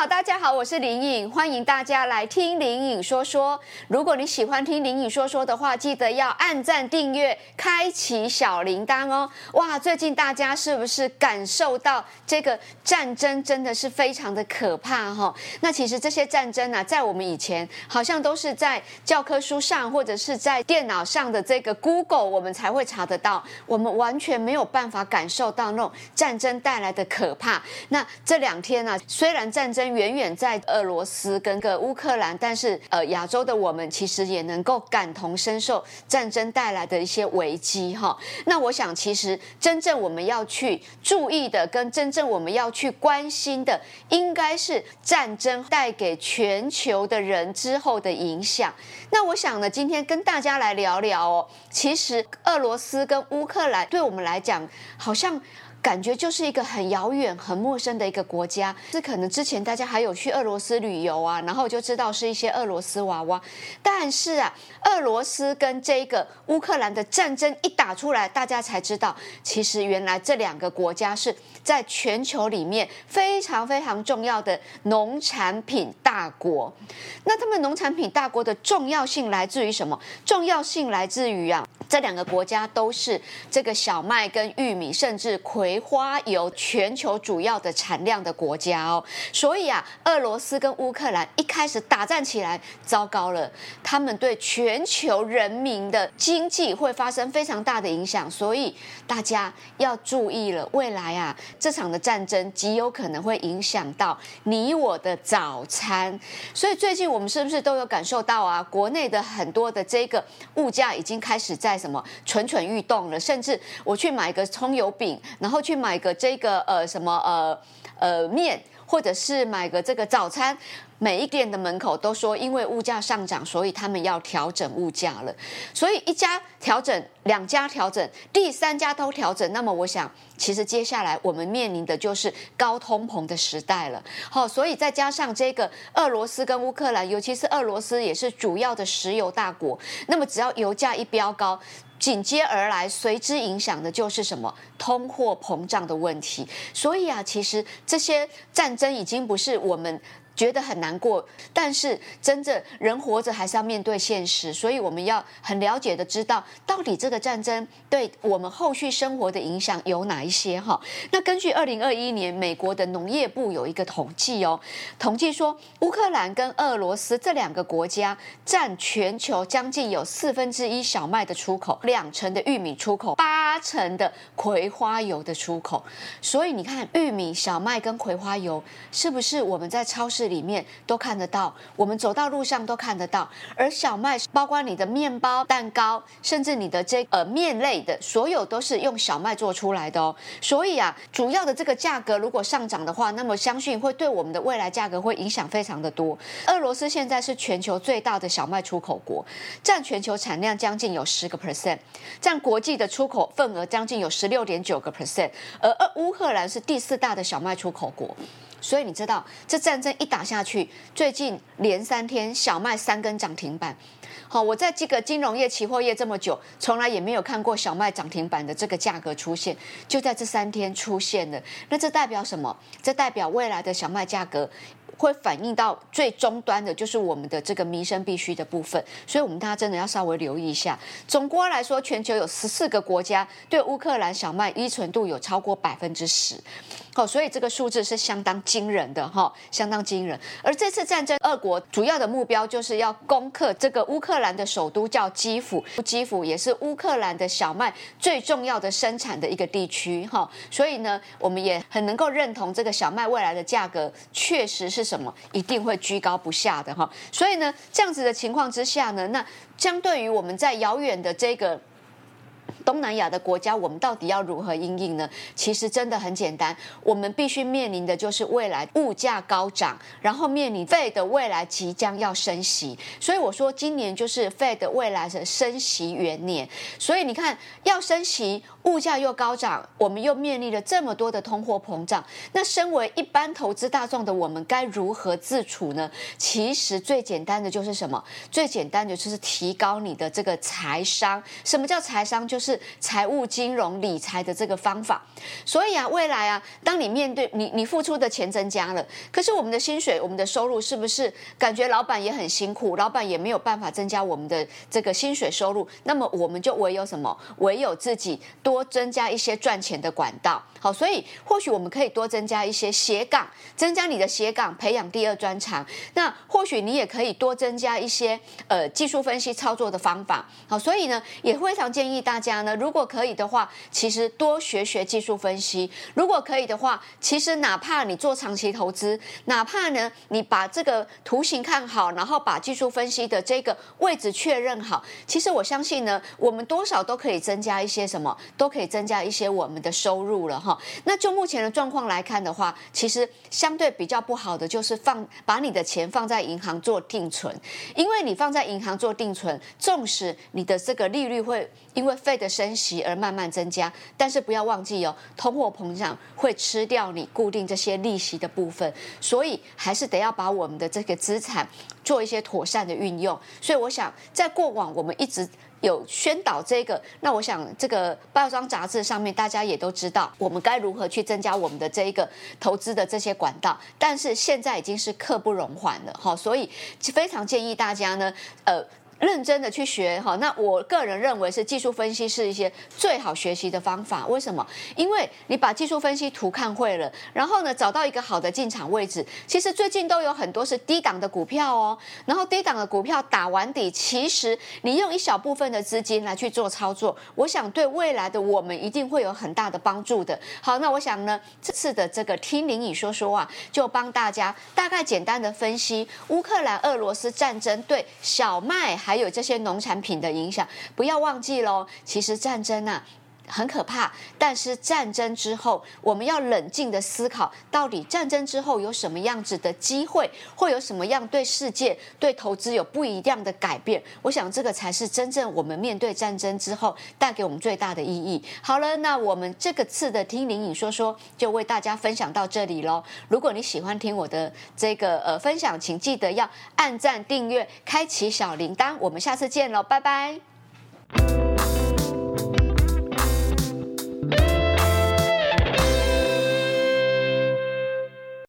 好，大家好，我是林穎，歡迎大家來聽林穎說說。如果你喜歡聽林穎說說的話，記得要按讚、訂閱、開啟小鈴鐺哦。哇，最近大家是不是感受到這個戰爭真的是非常的可怕哈、哦？那其實這些戰爭呢、啊，在我們以前好像都是在教科書上或者是在電腦上的這個 Google 我們才會查得到，我們完全沒有辦法感受到那種戰爭帶來的可怕。那這兩天呢、啊，雖然戰爭。遠遠在俄羅斯跟個烏克蘭，但是呃，亞洲的我們其實也能夠感同身受戰爭帶來的一些危機哈、哦。那我想，其實真正我們要去注意的，跟真正我們要去關心的，應該是戰爭帶給全球的人之後的影響。那我想呢，今天跟大家來聊聊哦，其實俄羅斯跟烏克蘭對我們來講，好像。感覺就是一個很遙遠、很陌生的一個國家。是可能之前大家還有去俄羅斯旅遊啊，然後就知道是一些俄羅斯娃娃。但是啊，俄羅斯跟這個烏克蘭的戰爭一打出來，大家才知道，其實原來這兩個國家是在全球裡面非常非常重要的農產品大國。那他們農產品大國的重要性來自於什麼？重要性來自於啊。這兩個國家都是這個小麥、跟玉米、甚至葵花油全球主要的產量的國家哦，所以啊，俄羅斯跟烏克蘭一開始打戰起來，糟糕了，他們對全球人民的經濟會發生非常大的影響，所以大家要注意了，未來啊，這場的戰爭極有可能會影響到你我的早餐，所以最近我們是不是都有感受到啊？國內的很多的這個物價已經開始在。什麼蠢蠢欲動了？甚至我去買個蔥油餅，然後去買個這個呃什麼呃呃麵。或者是買個這個早餐，每一店的門口都說，因為物價上漲，所以他們要調整物價了。所以一家調整，兩家調整，第三家都調整。那麼我想，其實接下來我們面臨的就是高通膨的時代了。好、哦，所以再加上這個俄羅斯跟烏克蘭，尤其是俄羅斯也是主要的石油大國。那麼只要油價一飆高，緊接而來隨之影響的就是什麼，通貨膨脹的問題。所以啊，其實這些戰真已經不是我們覺得很難過，但是真正人活着還是要面對現實，所以我們要很了解的知道到底這個戰爭對我們後續生活的影響有哪一些哈？那根據二零二一年美國的農業部有一個統計哦，統計說烏克蘭跟俄羅斯這兩個國家占全球將近有四分之一小麥的出口，兩成的玉米出口。成的葵花油的出口，所以你看玉米、小麥跟葵花油是不是我們在超市裡面都看得到？我們走到路上都看得到。而小麥，包括你的麵包、蛋糕，甚至你的這呃麵類的，所有都是用小麥做出來的哦。所以啊，主要的這個價格如果上漲的話，那麼相信會對我們的未來價格會影響非常的多。俄羅斯現在是全球最大的小麥出口國，佔全球產量將近有十個 percent，佔國際的出口份。額將近有十六點九個 percent，而而烏克蘭是第四大的小麥出口國，所以你知道這戰爭一打下去，最近連三天小麥三根漲停板。好，我在這個金融業、期貨業這麼久，從來也沒有看過小麥漲停板的這個價格出現，就在這三天出現了。那這代表什麼？這代表未來的小麥價格，會反映到最終端的，就是我們的這個民生必需的部分，所以，我們大家真的要稍微留意一下。總括來說，全球有十四個國家對烏克蘭小麥依存度有超過百分之十，好，所以這個數字是相當驚人的哈，相當驚人。而這次戰爭，俄國主要的目標就是要攻克這個烏克蘭的首都，叫基輔。基輔也是烏克蘭的小麥最重要的生產的一個地區哈，所以呢，我們也很能夠認同這個小麥未來的價格確實是。什麼一定會居高不下的哈，所以呢，這樣子的情況之下呢，那相對於我們在遙遠的這個。東南亞的國家，我們到底要如何因應呢？其實真的很簡單，我們必須面臨的就是未來物價高漲，然後面臨 Fed 未來即將要升息。所以我說，今年就是 Fed 未來的升息元年。所以你看，要升息，物價又高漲，我們又面臨了這麼多的通貨膨脹。那身為一般投資大眾的我們，該如何自處呢？其實最簡單的就是什麼？最簡單的就是提高你的這個財商。什麼叫財商？就是財務、金融、理財的這個方法，所以啊，未來啊，當你面對你你付出的錢增加了，可是我們的薪水、我們的收入是不是感覺老闆也很辛苦，老闆也沒有辦法增加我們的這個薪水收入？那麼我們就唯有什麼？唯有自己多增加一些賺錢的管道。好，所以或許我們可以多增加一些斜槓，增加你的斜槓，培養第二專長。那或許你也可以多增加一些呃技術分析操作的方法。好，所以呢，也非常建議大家呢。如果可以的話，其實多學學技術分析。如果可以的話，其實哪怕你做長期投資，哪怕呢你把這個圖形看好，然後把技術分析的這個位置確認好，其實我相信呢，我們多少都可以增加一些什麼，都可以增加一些我們的收入了哈。那就目前的狀況來看的話，其實相對比較不好的就是放把你的錢放在銀行做定存，因為你放在銀行做定存，縱使你的這個利率會因為費的。升息，而慢慢增加，但是不要忘記哦，通貨膨脹會吃掉你固定這些利息的部分，所以還是得要把我們的這個資產做一些妥善的運用。所以，我想在過往我們一直有宣導這個，那我想這個報章雜誌上面大家也都知道，我們該如何去增加我們的這一個投資的這些管道。但是現在已經是刻不容緩了，哈，所以非常建議大家呢，呃。認真的去學哈，那我個人認為是技術分析是一些最好學習的方法。為什麼？因為你把技術分析圖看會了，然後呢，找到一個好的進場位置。其實最近都有很多是低檔的股票哦，然後低檔的股票打完底，其實你用一小部分的資金來去做操作，我想對未來的我們一定會有很大的幫助的。好，那我想呢，這次的這個聽林穎說說啊，就幫大家大概簡單的分析烏克蘭、俄羅斯戰爭對小麥。還有這些農產品的影響，不要忘記嘍。其實戰爭啊，很可怕，但是戰爭之後，我們要冷靜的思考，到底戰爭之後有什麼樣子的機會，會有什麼樣對世界、對投資有不一樣的改變？我想，這個才是真正我們面對戰爭之後帶給我們最大的意義。好了，那我們這個次的聽林穎說說，就為大家分享到這裡嘍。如果你喜歡聽我的這個呃分享，請記得要按讚、訂閱、開啟小鈴鐺。我們下次見嘍，拜拜。